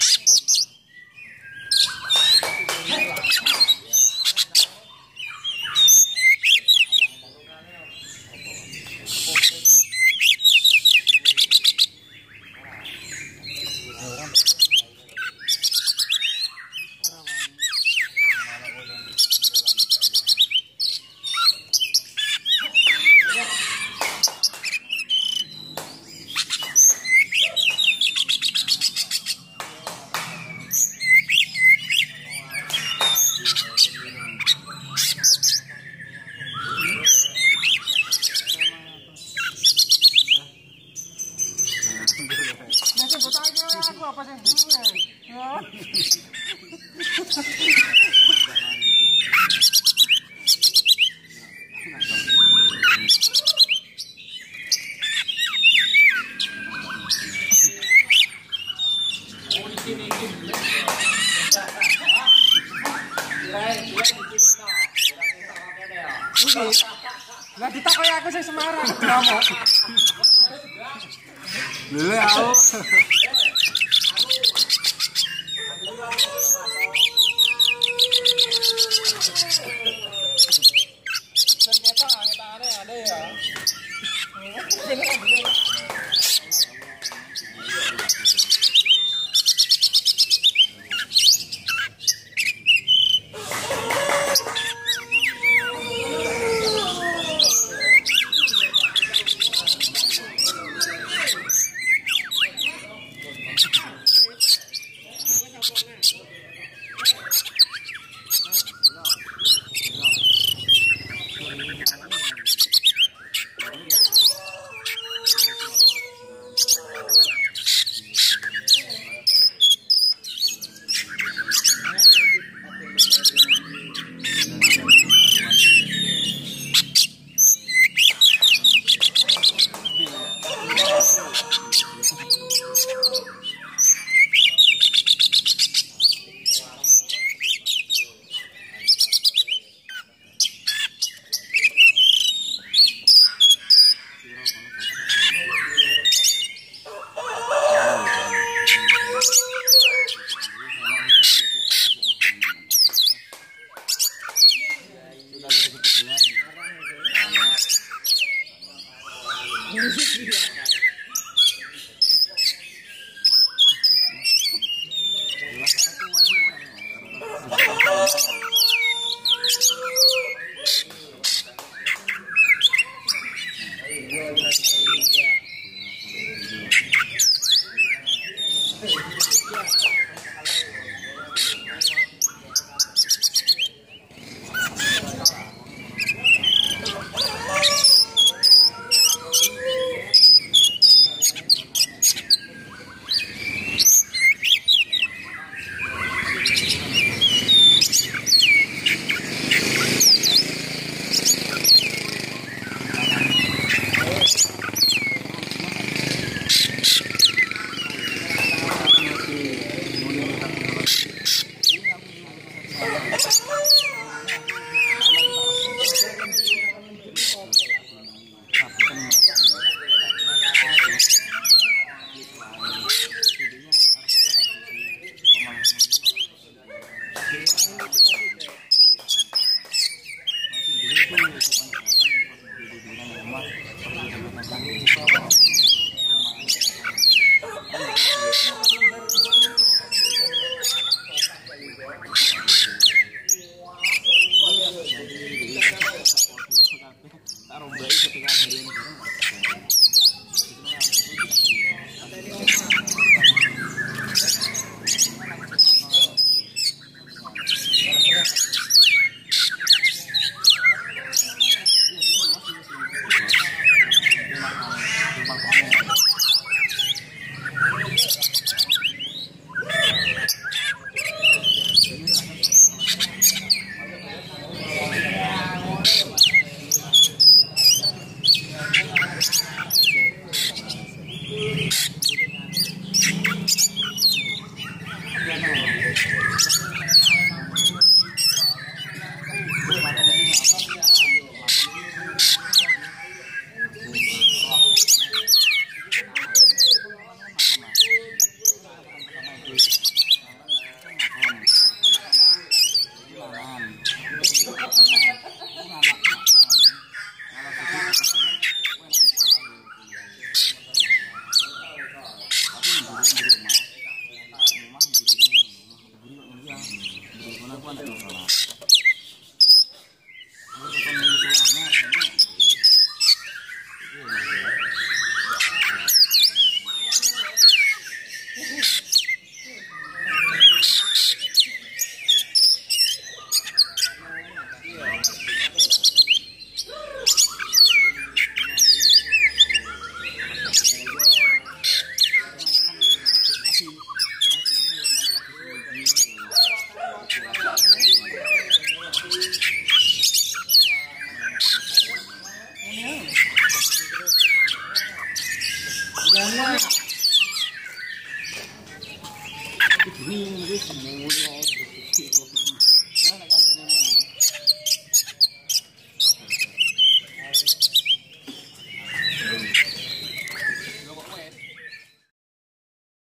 Thanks. Lah ditakoki aku sing Semarang, Lha aku. Yeah. 你那个什么呀？